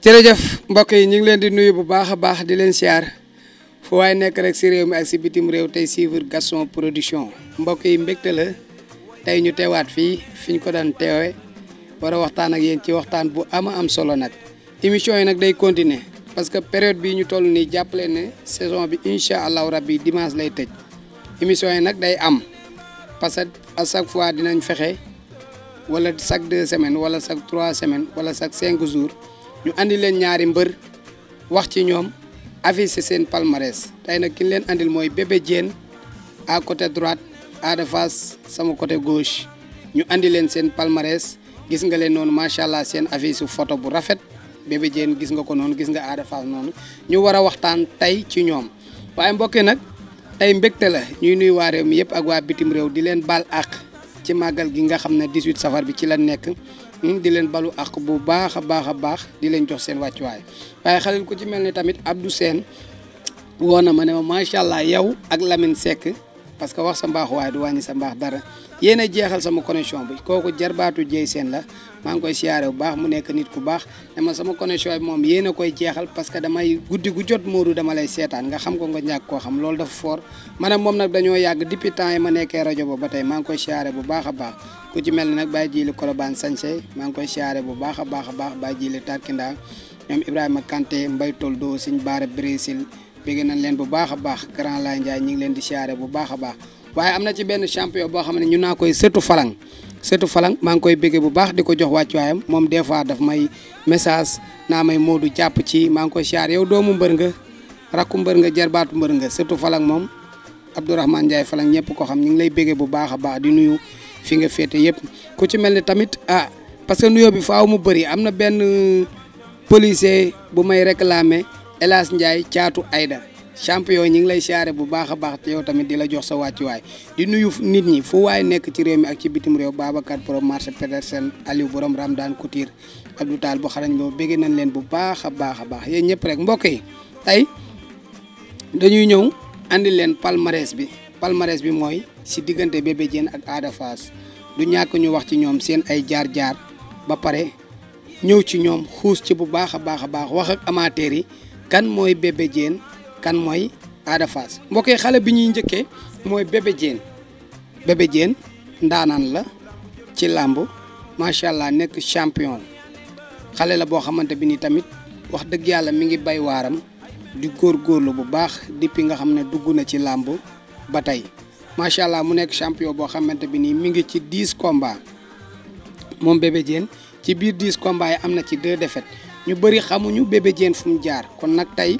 jërëjëf mbokk yi ñu ngi leen di nuyu bu baax a baax di leen siyaar fu waaye nekk rek si réew mi ak si bitim réew tey suivre Gaston Production mbokk yi mbégte la tey ñu teewaat fii fi ñu ko daan teewe war waxtaan ak yéen ci waxtaan bu ama am solo nag émission yi nag day continuer parce que période bii ñu toll nii jàppale ne saison bi incha allahu rabbi dimanche lay tëj émission yi nag day am parce que à chaque fois dinañ fexe wala chaque deux semaines wala chaque trois semaines wala chaque cinq jours ñu indi leen ñaari mbër wax ci ñoom affiché seen palmarès tey nag ki leen andil mooy Bébé Diène à côté droite Ada sama côté gauche ñu indi leen seen palmarès gis nga leen noonu macha allah seen affiche photo bu rafet Bébé Diène gis nga ko noonu gis nga Ada noonu ñu war a waxtaan tey ci ñoom waaye mbokk nag tey mbégte la ñuy nuyu waa réew yëpp ak waa bitim réew di leen baal àq ci màggal gi nga xam ne 18 safar bi ci la nekk. di leen balu ak bu baax a baax a baax di leen jox seen wàccuwaay waaye xalil ko ci mel ni tamit Abdou seen woo na ma ne ma macha allah yow ak Lamine Seck parce que wax sa mbaax waaye du wàññi sa mbaax dara yéen a jeexal sama connexion bi kooku jarbaatu jëy seen la maa ngi koy siyaare bu baax mu nekk nit ku baax dama sama connexion bi moom yéen a koy jeexal parce que damay guddi gu jot Modou dama lay nga xam ko nga ñàkk koo xam loolu dafa fort maanaam moom nag dañoo yàgg depuis temps yi ma nekkee rajo ba ba tey maa ngi koy siyaare bu baax a baax ku ci mel ne nag bàyyi ji li Kolobaan Sañse maa ngi koy siyaare bu baax a baax a baax bàyyi ji li ñoom Ibrahima Kanté Mbay Toldo Sëñ Baara Brésil bëgg nañ leen bu baax a baax grand Laye Ndiaye ñu ngi leen di siyaare bu baax a baax waaye am na ci benn champion boo xam ne ñu naa koy sëtu falang sëtu falang maa ngi koy bëgg bu baax di ko jox wàccuwaayam moom des fois daf may message naa may Modou jàpp ci maa ngi koy siyaare yow doomu mbër nga rakku nga jarbaatu mbër nga sëtu falang moom Abdourahmane Ndiaye falang ñëpp ko xam ñu ngi lay bëgg bu baax a baax di nuyu fi nga féete yëpp ku ci mel ni tamit ah parce que nuyoo bi faaw mu bëri am na benn euh, policier bu may réclamer Elas Ndiaye caatu Aïda champion ñi ngi lay siyaare bu baax a baax te yow tamit di la jox sa wàccuwaay di nuyu nit ñi fu waaye nekk ci réew mi ak ci bitim réew Babacar borom marché Petersen Aliou borom Ramdan Couture Abdou taal bu xarañ boobu béggee nañ leen bu baax a baax a baax yéen ñëpp rek mbokk yi ay dañuy ñëw andi leen palmarès bi palmarès bi mooy si diggante Bébé Diène ak Ada Fass du ñàkk ñu wax ci ñoom seen ay jaar-jaar ba pare ñëw ci ñoom xuus ci bu baax a baax a baax wax ak yi kan mooy Bébé kan mooy Ada Fass xale bi ñuy njëkkee mooy Bébé Diène ndaanaan la ci làmb macha allah nekk champion xale la boo xamante bi ni tamit wax dëgg yàlla mi ngi bay waaram di góorlu bu baax depuis nga xam ne dugg na ci làmb ba tey macha allah mu nekk champion boo xamante bi nii mi ngi ci dix combats moom Bébé ci biir dix combats yi am na ci deux défaites. ñu bëri xamuñu Bébé Diène fu mu jaar kon nag tey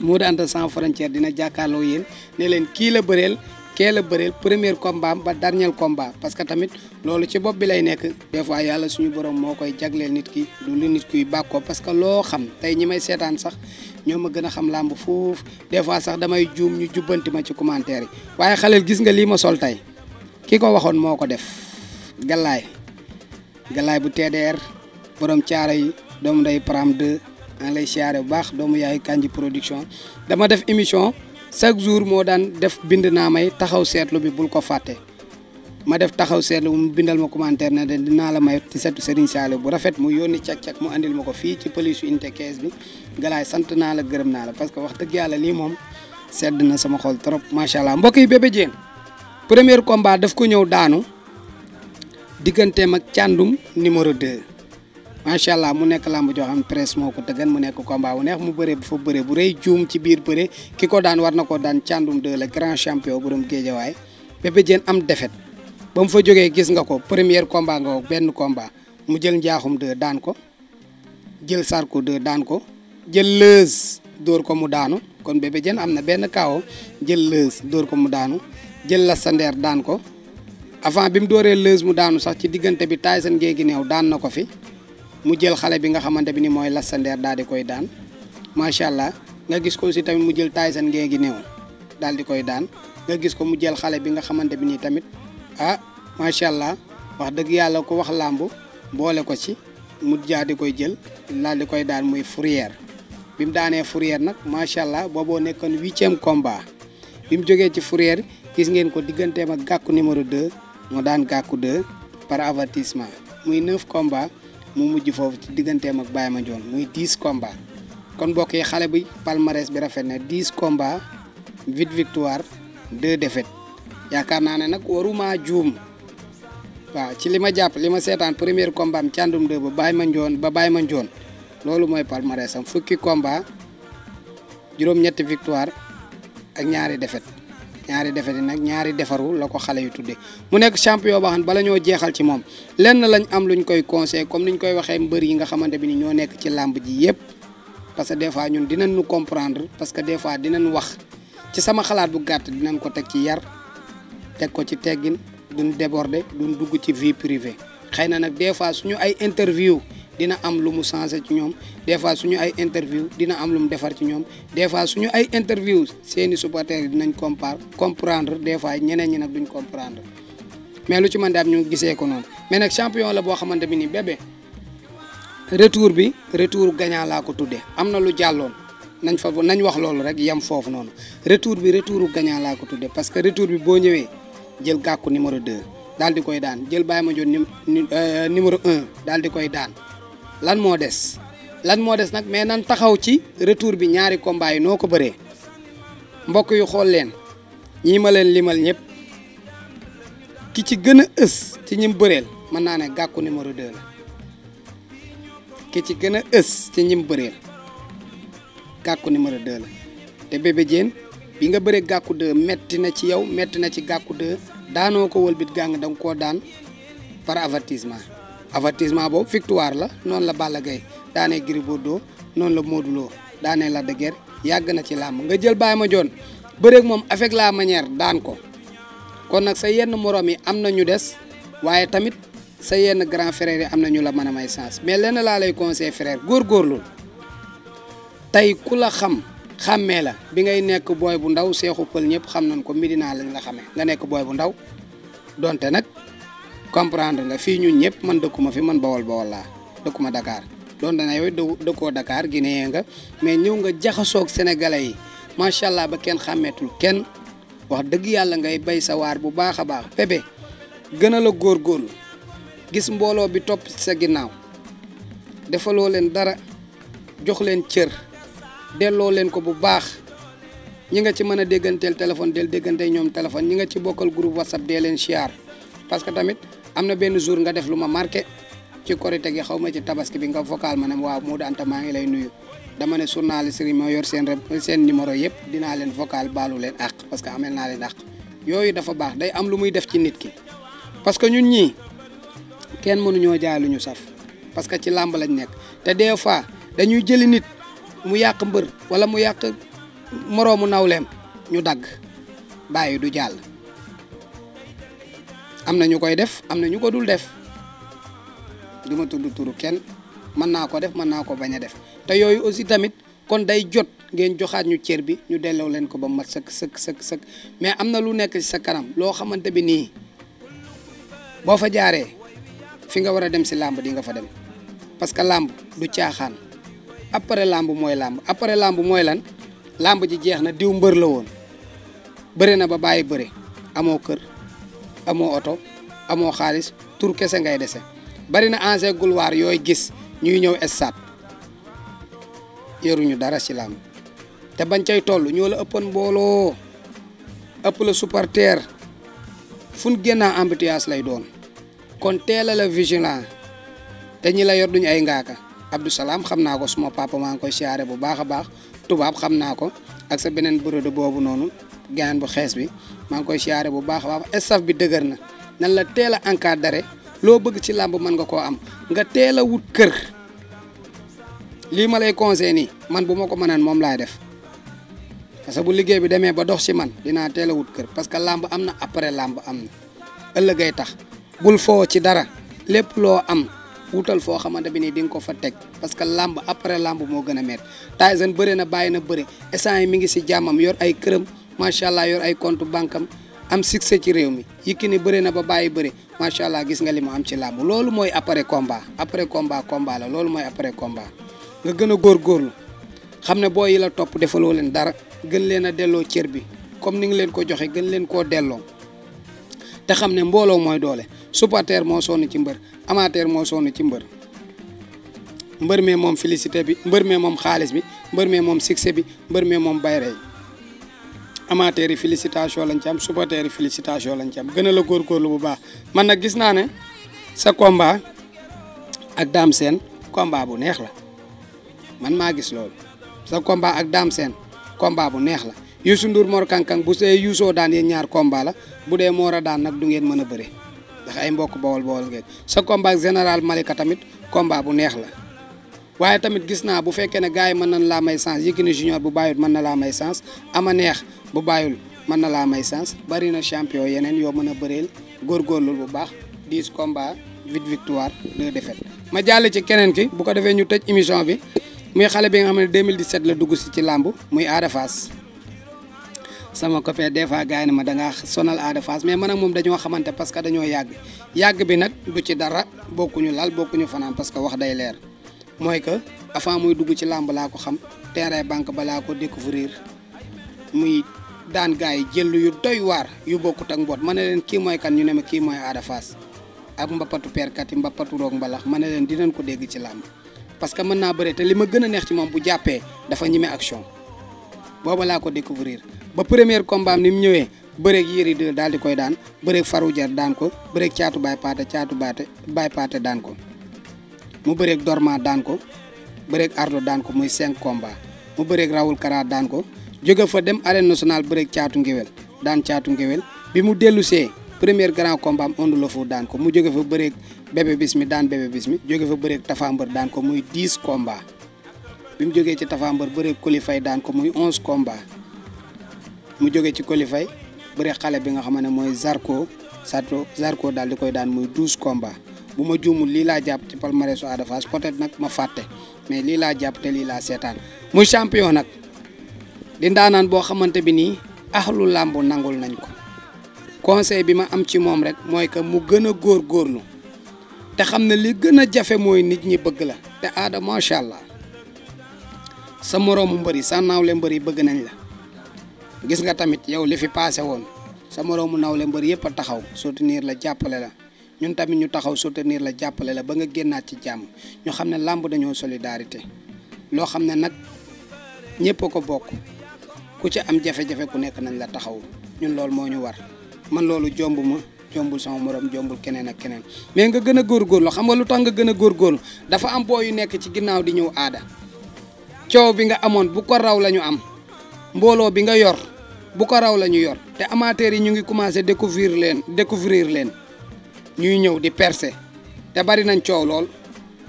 Modou Anta sans frontière dina jàkkaarloo yéen ne leen kii la bëreel kee la bëreel première combat ba dernier combat parce que tamit loolu ci bopp bi lay nekk. des fois yàlla suñu borom moo koy jagleel nit ki du nit kuy bàkkoo parce que loo xam tey ñi may seetaan sax ñoo ma gën a xam làmb foofu des fois sax damay juum ñu jubbanti ma ci commentaire yi. waaye xaleel gis nga lii ma sol tey ki ko waxoon moo ko def. Galaay Galaay bu TDR borom caara yi. doomu day Param de maa lay siyaare bu baax doomu yaay Kandji production dama def émission chaque jour moo daan def bind naa may taxaw seetlu bi bul ko fàtte ma def taxaw seetlu mu bindal ma commentaire na de dinaa la may ci setu Serigne Saliou bu rafet mu yónni cag-cag mu indil ma ko fii ci police unité 15 bi galaay sant naa la gërëm naa la parce que wax dëgg yàlla lii moom sedd na sama xol trop macha allah mbokk yi Bébé Diène premier combat daf ko ñëw daanu digganteem ak càndum numéro 2 macha allah mu nekk làmb joo xam presse moo ko tëggan mu nekk combat bu neex mu bëre bu fa bëre bu rëy juum ci biir bëre ki ko daan war na ko daan càndum de le grand champion borom géejawaay Bébé Diène am defet ba mu fa jógee gis nga ko première combat nga ko benn combat mu jël njaaxum de daan ko jël sarko de daan ko jël lëës dóor ko mu daanu kon Bébé Diène am na benn kaawo jël lëës dóor ko mu daanu jël la sandeer daan ko avant bi mu dooree lëës mu daanu sax ci diggante bi Tyson géegi neew daan na ko fi mu jël xale bi nga xamante bi ni mooy Lac Sanguère daal di koy daan macha allah nga gis ko aussi tamit mu jël Tyson ngee gi néew daal di koy daan nga gis ko mu jël xale bi nga xamante bi ni tamit ah macha allah wax dëgg yàlla ko wax làmb boole ko ci mu jaa di koy jël daal di koy daan muy Fourrière bi mu daanee fourier nag macha allah booboo nekkoon huitième combat bi mu jógee ci Fourrière gis ngeen ko digganteem ak gàkku numéro 2 mu daan gàkku 2 par avertissement muy neuf combat mu mujj foofu ci digganteem ak Baye Mandione muy 10 komba kon mbokk yi xale bi palmarès bi rafet na 10 combats 8 victoire 2 défaites yaakaar naa ne nag waruma juum waaw ci li ma jàpp li ma seetaan première combat am càndum 2 ba Baye Mandione ba Baye Mandione loolu mooy palmarès am fukki komba juróom-ñetti victoire ak ñaari défaites. ñaari defeti nag ñaari defaru la ko xale yu tuddee mu nekk champion boo xam bala ñoo jeexal ci moom lenn lañ am luñ koy conseil comme ni ñu koy waxee mbër yi nga xamante bi ni ñoo nekk ci làmb ji yëpp parce que des fois ñun dinañ nu comprendre parce que des fois dinañ wax ci sama xalaat bu gàtt dinañ ko teg ci yar teg ko ci teggin duñ déborder duñ dugg ci vie privée xëy na nag des fois suñu ay interview dina am lu mu changé ci ñoom des fois suñu ay interview dina am lu mu defar ci ñoom des fois suñu ay interview seeni supporters yi dinañ compar comprendre des fois ñeneen ñi nag duñ comprendre mais lu ci mën daal ñu gisee ko noonu mais nag champion la boo xamante bi nii bébé retour bi retour gagnant laa ko tuddee am na lu jàlloon nañ fa nañ wax loolu rek yem foofu noonu retour bi retour gagnant laa ko tuddee parce que retour bi boo ñëwee jël gàkku numéro 2 daal di koy daan jël bàyyi ma jot numéro 1 daal di koy daan. lan moo des lan moo des nag mais nan taxaw ci retour bi ñaari combat noo ko bëree mbokk yu xool leen ñi ma leen limal ñëpp ki ci gën a ës ci ñim bëreel mën naa ne gàkku numéro 2 la ki ci gën a ës ci ñim bëreel gàkku numéro 2 la te bébé bi nga bëree gàkku 2 metti na ci yow metti na ci gàkku 2 daanoo ko wëlbit gàng da nga koo daan par avertissement avertissement boobu victoire la noonu la Balla Gaye daanee Gris Bordeaux noonu la moduloo daanee Lac de yàgg na ci làmb nga jël Baye Mandione bëreeg moom avec la manière daan ko kon nag sa yenn morom yi am na ñu des waaye tamit sa yenn grand frère yi am na ñu la mën a may chance mais lenn laa lay conseil góor góorlu tey ku la xam xàmmee la bi ngay nekk booy bu ndaw seexu pël ñëpp xam nañ ko Medina lañ la xamee nga nekk booy bu ndaw donte nag. comprendre nga fii ñun ñëpp man dëkkuma fi man bawol bawol laa dëkkuma Dakar doon dana yow dëkkoo Dakar Guinée nga mais ñëw nga jaxasoog sénégalais yi macha allah ba kenn xàmmeetul kenn wax dëgg yàlla ngay bay sa waar bu baax a baax Pépé gën a la góorgóorlu gis mbooloo bi topp sa ginnaaw defaloo leen dara jox leen cër delloo leen ko bu baax ñi nga ci mën a dégganteel téléphone del déggante ñoom téléphone ñi nga ci bokkal groupe whatsapp dee leen siyaar am na benn jour nga def lu ma marqué ci korite gi xaw ma ci tabaski bi nga vocal ma ne waaw Modou Anta maa ngi lay nuyu dama ne journaliste yi ma yor seen seen numéro yëpp dinaa leen vocal baalu leen àq parce que amel naa leen àq yooyu dafa baax day am lu muy def ci nit ki parce que ñun ñii kenn mënuñoo jaay lu ñu saf parce que ci làmb lañ nekk te des fois dañuy jëli nit mu yàq mbër wala mu yàq moroomu nawleem ñu dagg bàyyi du jàll am na ñu koy def am na ñu ko dul def duma ma tudd turu kenn mën naa ko def mën naa ko bañ a def te yooyu aussi tamit kon day jot ngeen joxaat ñu cër bi ñu delloo leen ko ba mat sëkk sëkk sëkk sëkk mais am na lu nekk ci sa kanam loo xamante bi nii boo fa jaaree fi nga war a dem si làmb di nga fa dem parce que làmb du caaxaan après làmb mooy làmb après làmb mooy lan làmb ji jeex na diw mbër la woon bëre na ba bàyyi bëre amoo kër. amoo oto amoo xaalis tur kese ngay dese bari na ancien gulwaar yooy gis ñuy ñëw stade yoruñu dara ci làmb te bañ cay toll ñoo la ëppoon mbooloo ëpp la supporter fu ñu génnaa lay doon kon teel a la la yor duñu ay ngaaka Abdou Salaam xam naa ko suma papa maa ngi koy siyaare bu baax a baax tubaab xam naa ko ak sa beneen bureau boobu noonu gaan bu xees bi maa ngi koy siyaare bu baax a baax staff bi dëgër na nan la teel a encadré loo bëgg ci làmb mën nga koo am nga teel a wut kër lii ma lay conseillé nii man bu ma ko mënaan moom laay def parce que bu liggéey bi demee ba dox ci man dinaa teel a wut kër parce que làmb am na après làmb am na ëllëgay tax bul foo ci dara lépp loo am. wutal foo xamante bi nii di nga ko fa teg parce que làmb après làmb moo gën a métti Tyson bëre na bàyyi na bëre instant yi mi ngi si jàmmam yor ay këram macha allah yor ay compte banque am am succès ci réew mi ni bëre na ba bàyyi bëre macha allah gis nga li mu am ci làmb loolu mooy après komba après combat combat la loolu mooy après komba nga gën a góor góorlu xam ne booy yi la topp defaloo leen dara gën leen a delloo cër bi comme ni nga leen ko joxe gën leen koo delloo. te xam ne mbooloo mooy doole supporter moo sonn ci mbër amateur moo sonn ci mbër mbër mee moom félicité bi mbër mee moom xaalis bi mbër mee moom succès bi mbër mee moom bayre yi amateur yi félicitation lañ ci am supporter yi félicitation lañ ci am gën a la góorgóorlu bu baax man nag gis naa ne sa combat ak Dame Sène combat bu neex la man maa gis loolu sa combat ak Dame Sène bu neex la Youssou Ndour Mor Kankang bu see Youssou daan yéen ñaar combat la bu dee Mor daan nag du ngeen mën a bëre ndax ay mbokk bawol bawol ngeen sa combat général Malika tamit combat bu neex la waaye tamit gis naa bu fekkee ne gars yi mën nañ laa may chance Yékini Junior bu bàyyul mën na laa may chance ama neex bu bàyyul mën na laa may chance bari na champion yeneen yoo mën a bëreel góorgóorlu bu baax 10 combats 8 victoire 2 défaites ma jàll ci keneen ki bu ko defee ñu tëj émission bi muy xale bi nga xam ne 2017 la dugg si ci làmb muy Ada Fass sama copain des fois gars yi ne ma da ngaa sonal Ada Fass mais man ak moom dañoo xamante parce que dañoo yàgg yàgg bi nag du ci dara bokkuñu lal bokkuñu fanaan parce que wax day leer mooy que avant muy dugg ci làmb laa ko xam terrain banque ba laa ko découvrir muy daan yi jël yu doy waar yu bokkut ak mboot ma ne leen kii mooy kan ñu ne ma kii mooy Ada Fass ak perkat yi mbappatu roog ma ne leen dinañ ko dégg ci làmb parce que mën naa bëre te li ma gën a neex ci moom bu jàppee dafa ñime action. booba laa ko découvrir ba premier combat am ni mu ñëwee bëreeg Yéri 2 daal di koy daan bëreeg Farou Diar daan ko bëreeg caatu Baye Paate caatu baate Baye Paate daan ko mu bëreeg Dorma daan ko bëreeg Ardo daan ko muy cinq combat mu bëreeg Raoul Kara daan ko jóge fa dem arène national bëreeg caatu ngéwél daan caatu ngéwél bi mu dellusee see premier grand combat am Onde daan ko mu jóge fa bëreeg bébé bis daan bébé bis jóge fa bëreeg Tafa Mbër daan ko muy dix combat bi mu jógee ci tafambar bëre kolifay daan ko muy onze combat mu jóge ci kolifay bëre xale bi nga xam ne mooy Zarko Sato Zarko daal di koy daan muy douze combat bu ma jumul lii laa jàpp ci palmarèsu Ada Fass peut-être nag ma fàtte mais lii laa jàpp te lii laa seetaan muy champion nag di ndaanaan boo xamante bi nii axlu làmb nangul nañ ko conseil bi ma am ci moom rek mooy que mu gën a góorgóorlu te xam ne li gën a jafe mooy nit ñi bëgg la te aada macha allah sa moroomu mbër yi sa nawle mbër yi bëgg nañ la gis nga tamit yow li fi paase woon sa moroomu nawle mbër yëpp a taxaw soutenir la jàppale la ñun tamit ñu taxaw soutenir la jàppale la ba nga génnaat ci jàmm ñu xam ne làmb dañoo solidarité loo xam ne nag ñëpp ko bokk ku ci am jafe-jafe ku nekk nañ la taxaw ñun loolu moo ñu war man loolu jomb ma jombul sama morom jombul keneen ak keneen mais nga gën a góor góor góorgóorlu xam nga lu tax nga gën a góorgóorlu dafa am boo yu nekk ci ginnaaw di ñëw aada coow bi nga amoon bu ko raw la ñu am mbooloo bi nga yor bu ko raw la ñu yor te amateurs yi ñu ngi commencé découvrir leen découvrir leen ñuy ñëw di percer te bari nañ coow lool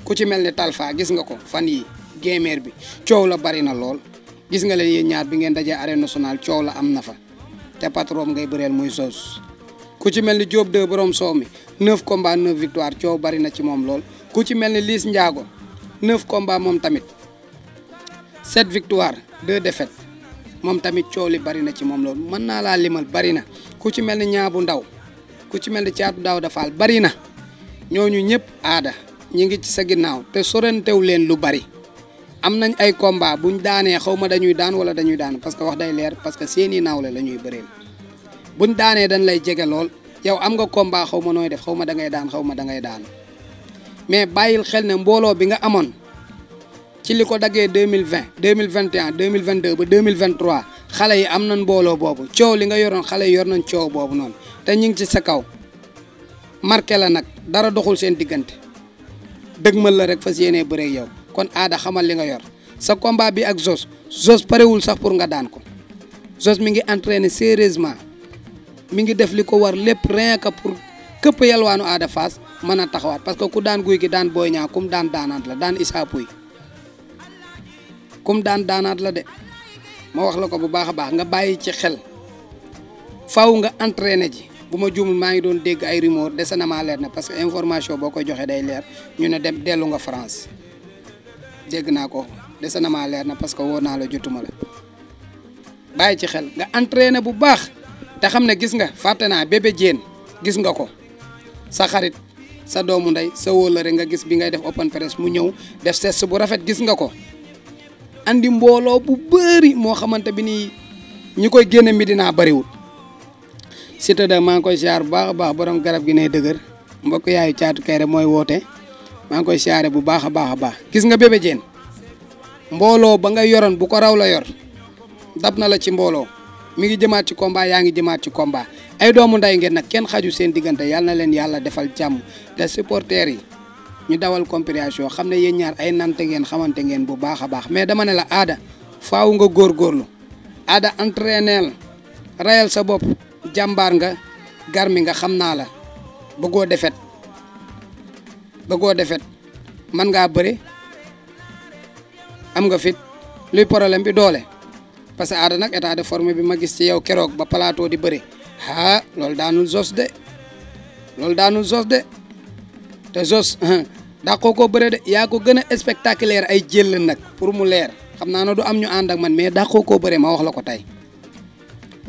ku ci mel ni Talfa gis nga ko fan yi gémeer bi coow la bari na lool gis nga leen yéen ñaar bi ngeen dajee arène nationale coow la am na fa te patron ngay bëreel muy sos ku ci mel ni Diop 2 borom soow mi 9 combats 9 victoire coow bari na ci moom lool ku ci mel ni Liss njaago 9 combats moom tamit. sept victoire deux défaites moom tamit coow li bari na ci moom loolu mën naa laa limal bari na ku ci mel ni bu ndaw ku ci mel ni caatu ndaw dafaal bari na ñooñu ñëpp aada ñi ngi ci sa ginnaaw te sorentew leen lu bari am nañ ay bu ñu daanee xaw ma dañuy daan wala dañuy daan parce que wax day leer parce que seeni naawle la ñuy bu ñu daanee dañ lay jege lool yow am nga combat xaw ma nooy def xaw ma da daan xaw ma da ngay mais bàyyil xel ne mbooloo bi nga amoon ci li ko daggee deux mille vingt deux mille vingt et un deux mille ba deux mille vingt trois xale yi am na mbooloo boobu coow li nga yoroon xale yi yor nañ coow boobu noonu te ñu ngi ci sa kaw marqué la nag dara doxul seen diggante dëgg dëgmal la rek fas yéenee bëreeg yow kon aada xamal li nga yor sa combat bi ak Zos Zos parewul sax pour nga daan ko Zos mi ngi entraîné sérieusement mi ngi def li ko war lépp rien que pour këpp yalwaanu aada Fass mën a taxawaat parce que ku daan guy gi daan booy ñaa kum daan daanaat la daan isaapuy kum daan daanaat la de ma wax la ko bu baax a baax nga bàyyi ci xel faw nga entraîné ji bu ma jum maa ngi doon dégg ay rimoor dese na maa leer na parce que information boo koy joxe day leer ñu ne dem dellu nga France dégg naa ko dese na leer na parce que woo naa jotuma la bàyyi ci xel nga entraîné bu baax te xam ne gis nga fàtte naa bébé jéen gis nga ko sa xarit sa doomu ndey sa wóolare nga gis bi ngay def open press mu ñëw def ses bu rafet gis nga ko andi mbooloo bu bëri moo xamante bi nii ñi koy génne Medina bëriwul Siteu de maa ngi koy siyaar bu baax a baax borom garab gi ne dëgër mbokk yaayu caatu kay rek mooy woote maa ngi koy siyaare bu baax a baax a baax gis nga bébé Diène mbooloo ba nga yoroon bu ko raw la yor dab na la ci mbooloo mu ngi jëmaat ci combat yaa ngi jëmaat ci combat ay doomu nday ngeen nag kenn xaju seen diggante yàlla na leen yàlla defal jàmm te supporters yi ñu dawal compréhension xam ne yéen ñaar ay nante ngeen xamante ngeen bu baax a baax mais dama ne la aada faaw nga góorgóorlu aada entraîneel rayal sa bopp jàmbaar nga garmi nga xam naa la bëggoo defet bëggoo defet man ngaa bëri am nga fit luy problème bi doole parce que aada nag état de forme bi ma gis ci yow keroog ba plateau di bëri ah loolu daanu jos de loolu daanul jos de te jos ndax ko bëre de yaa ko gën a ay jël nag pour mu leer xam naa ne du am ñu ànd ak man mais daa kookoo bëre ma wax la ko tey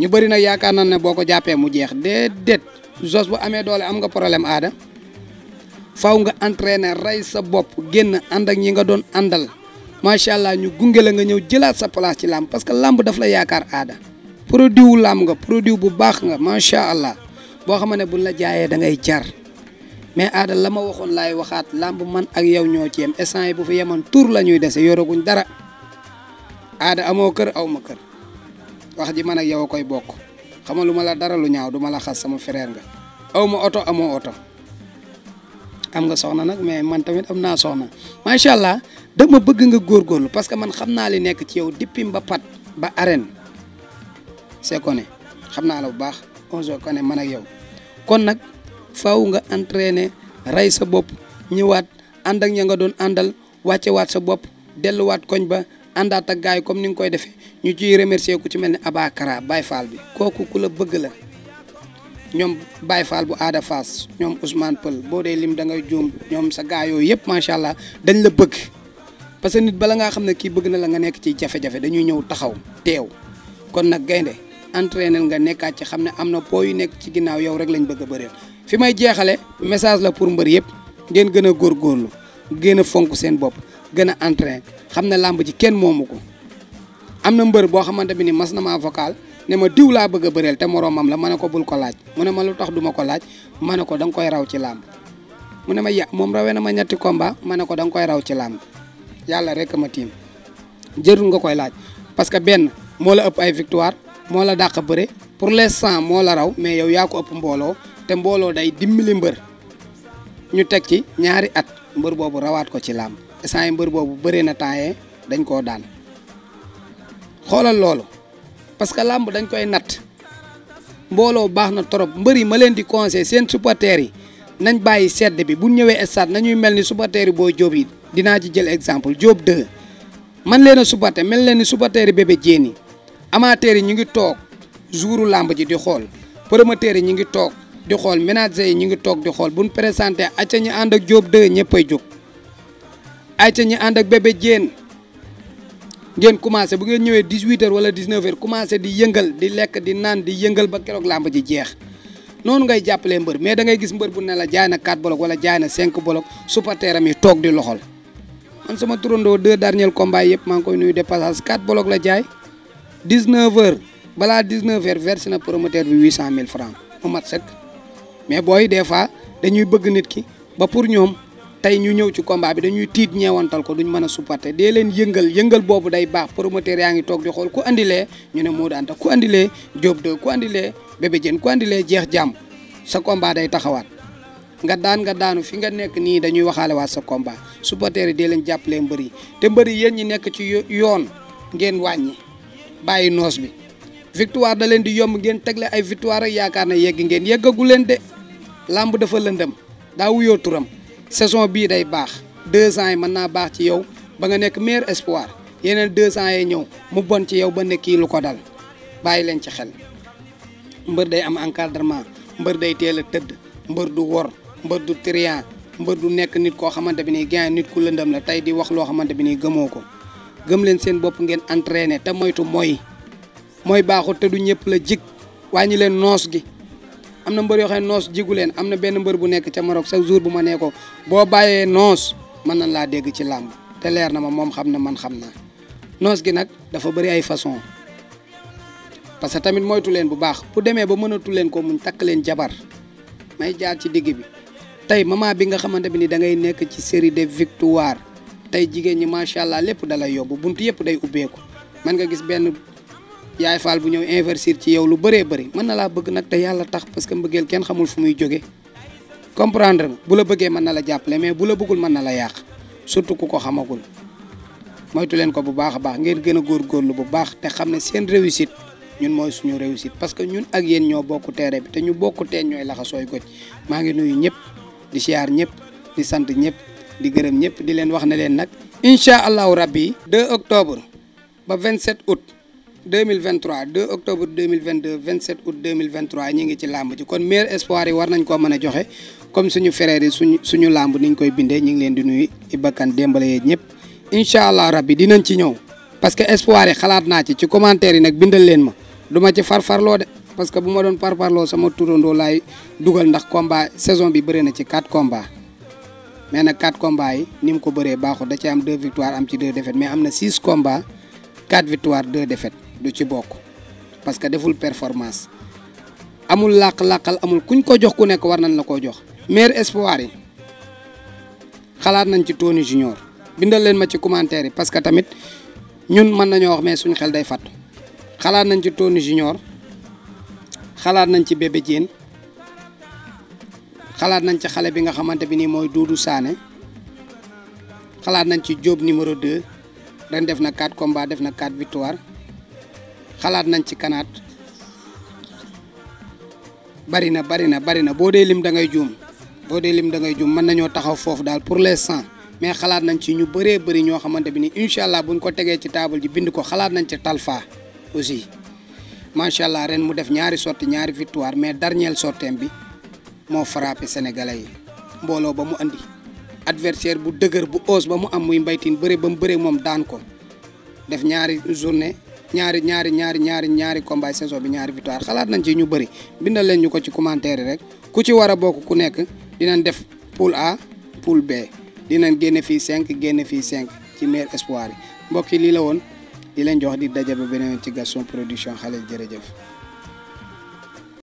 ñu bëri nag yaakaar naa ne boo ko jàppee mu jeex déedéet Zoss bu amee doole am nga problème aada faw nga entraîner rey sa bopp génn ànd ak ñi nga doon àndal macha allah ñu gunge la nga ñëw jëlaat sa place ci làmp parce que làmb daf la yaakaar aada produit wu nga produit bu baax nga macha allah boo xam ne buñ la jaayee da ngay jar. mais aada la ma waxoon laay waxaat làmb man ak yow ñoo ci yem instant yi bu fi yemoon tur la ñuy dese yoraguñ dara aada amoo kër aw ma kër wax ji man ak yow a koy bokk xama lu ma la dara lu ñaaw du la xas sama frère nga aw ma oto amoo oto am nga soxna nag mais man tamit am naa soxna macha allah dama bëgg nga góorgóorlu parce que man xam naa li nekk ci yow depuis ba pat ba arène c'est connu xam naa la bu baax on se connaît man yow kon nag. faaw nga entraîner rey sa bopp ñëwaat ànd ak ña nga doon àndal wàcce wàccewaat sa bopp delluwaat koñ ba àndaat ak gars yi comme ni nga koy defee ñu ji remercier ku ci mel ni ne Abakara Baye faal bi kooku ku la bëgg la ñoom Baye Fall bu aada Fass ñoom Ousmane Pël boo dee lim da ngay juum ñoom sa gars yooyu yëpp macha allah dañ la bëgg parce que nit bala ngaa xam ne kii bëgg na la nga nekk ci jafe-jafe dañuy ñëw taxaw teew kon nag gaynde entraîner nga nekkaat ci xam ne am na po yu nekk ci ginnaaw yow rek lañ bëgg a bëreel fi may jeexale message la pour mbër yëpp ngeen gën a góor góorlu gën a fonk seen bopp gën a entrain xam ne làmb ji kenn moomu ko am na mbër boo xamante bi ni mas na maa vocal ne ma diw laa bëgg a bëreel te moroomam la ma ne ko bul ko laaj mu ne ma lu tax duma ko laaj ma ne ko danga koy raw ci làmb mu ne ma ya moom rawee na ma ñetti combat ma ne ko da koy raw ci làmb yàlla rek ma tiim jërul nga koy laaj parce que benn moo la ëpp ay victoire moo la dàq bëre pour l'instant moo la raw mais yow yaa ko ëpp mbooloo te mbooloo day dimbali mbër ñu teg ci ñaari at mbër boobu rawaat ko ci làmb instant mbër boobu bëri na temps dañ koo daan xoolal loolu parce que làmb dañ koy natt mbooloo baax na trop mbër yi ma leen di conseil seen supporters yi nañ bàyyi sedd bi bu ñëwee stade nañuy mel ni subateer yi boo Jóob yi dinaa ci jël exemple Jóob 2 man leen a supporter mel leen ni supporters yi bébé jéen yi amateurs yi ñu ngi toog jouru làmb ji di xool promoteurs yi ñu ngi toog di xool ménager yi ñu ngi toog di xool buñ présenté acca ñi ànd ak Diop 2 ñëppay jóg acca ñi ànd ak bébé Diène ngeen commencé bu ngeen ñëwee 18 heures wala 19 heures commencé di yëngal di lekk di naan di yëngal ba keroog làmb ji jeex noonu ngay jàppale mbër mais da ngay gis mbër bu ne la jaay na 4 bolok wala jaay na 5 bolok supporteram yi toog di loxol man sama turandoo deux derniers combats yëpp maa ngi koy nuyu dépassage 4 bolok la jaay 19 heures balaa 19 heures versé na promoteur bi 800000 mais booy des fois dañuy bëgg nit ki ba pour ñoom tey ñu ñëw ci combat bi dañuy tiit ñeewantal ko duñ mën a supporter dee leen yëngal yëngal boobu day baax promoteur yaa ngi toog di xool ku andilee ñu ne moo daan tax ku andilee Diop de ku andilee Bébé Diène ku andilee jeex jàmm sa combat day taxawaat nga daan nga daanu fi nga nekk nii dañuy waxaale waat sa combat supporter yi dee leen jàppalee mbër yi te mbëri yi yéen ñi nekk ci yoon ngeen wàññi bàyyi noos bi victoire da leen di yomb ngeen tegle ay victoire ak yaakaar na yegg ngeen yeggagu leen de làmb dafa lëndëm daa wuyoo turam saison bii day baax deux ans yi mën naa baax ci yow ba nga nekk maire espoire yeneen deux ans yi ñëw mu bon ci yow ba nekk kii lu ko dal bàyyi leen ci xel mbër day am encadrement mbër day teel a tëdd mbër du wor mbër du trian mbër du nekk nit koo xamante bi ni gain nit ku lëndëm la tey di wax loo xamante bi ni gëmoo ko gëm leen seen bopp ngeen entraîné te moytu mooy mooy baaxut te du ñëpp la jig wàññi leen noos gi am na mbër yoo xam noos jigu leen am na benn mbër bu nekk ca Maroc chaque jour bu ma nee boo bàyyee noos mën nañ laa dégg ci làmb te leer na ma moom xam na man xam naa noos gi nag dafa bëri ay façon parce que tamit moytu leen bu baax bu demee ba mënatu leen ko muñ takk leen jabar may jaar ci digg bi tey moment bi nga xamante bi ni da ngay nekk ci série de victoire tey jigéen ñi macha allah lépp da lay yóbbu buntu yëpp day ubbeeku nga gis benn yaay faal bu ñëw investir ci yow lu bëree bëri mën na laa bëgg nag te yàlla tax parce que mbëggeel kenn xamul fu muy jóge comprendre nga bu la bëggee mën na la jàppale mais bu la bëggul mën na la yàq surtout ku ko xamagul moytu leen ko bu baax a baax ngeen gën a góorlu bu baax te xam ne seen réussite ñun mooy suñu réussite parce que ñun ak yéen ñoo bokk teere bi te ñu bokk teen ñooy laxasooy goj maa ngi nuyu ñëpp di siyaar ñëpp di sant ñëpp di gërëm ñëpp di leen wax ne leen nag incha allahu rabbi 2 octobre ba 27 août 2023 2 octobre 2022 27 août 2023 ñu ngi ci làmb ji kon meilleur espoir yi war nañ koo mën a joxe comme suñu frères yi suñu suñu làmb niñ koy bindee ñu ngi leen di nuy bakkan démbale yee ñëpp incha allah rabbi dinañ ci ñëw parce que espoir yi xalaat naa ci ci commentaire yi nag bindal leen ma du ma ci farfarloo de parce que bu ma doon parparloo sama turandoo laay dugal ndax combat saison bi bëri na ci 4 combats mais nag 4 combats yi ni mu ko bëree baaxul da ci am 2 victoires am ci 2 défaites mais am na 6 combats 4 victoires 2 du ci bokk parce que deful performance amul làq-làqal amul kuñ ko jox ku nekk war nañ la ko jox meilleur espoir yi xalaat nañ ci Tony Junior bindal leen ma ci commentaire yi parce que tamit ñun mën nañoo wax mais suñ xel day fàttu xalaat nañ ci Tony Junior xalaat nañ ci Bébé Diène xalaat nañ ci xale bi nga xamante bi nii mooy Doudou Sané xalaat nañ ci jóob numéro 2 ren def na 4 combats def na 4 victoire xalaat nañ ci kanaat bari na bari na bari na boo dee lim da ngay juum boo dee lim da ngay juum mën nañoo taxaw foofu daal pour l'instant mais xalaat nañ ci ñu bëree bari ñoo xamante bi ni incha allah buñ ko tegee ci table ji bind ko xalaat nañ ci Talfa aussi macha allah ren mu def ñaari sorti ñaari victoire mais darnielle sorteem bi moo frappé sénégalais yi mbooloo ba mu andi adversaire bu dëgër bu os ba mu am muy mbaytin bëre ba mu bëre moom daan ko def ñaari journée ñaari ñaari ñaari ñaari ñaari combat saison bi ñaari victoire xalaat nañ ci ñu bëri bindal leen ñu ko ci commentaire rek ku ci war a bokk ku nekk dinañ def poule A poule B dinañ génne fii 5 génne fii 5 ci meilleur espoir yi mbokk yi lii la woon di leen jox di daja ba beneen ci Gaston Production xale jërëjëf.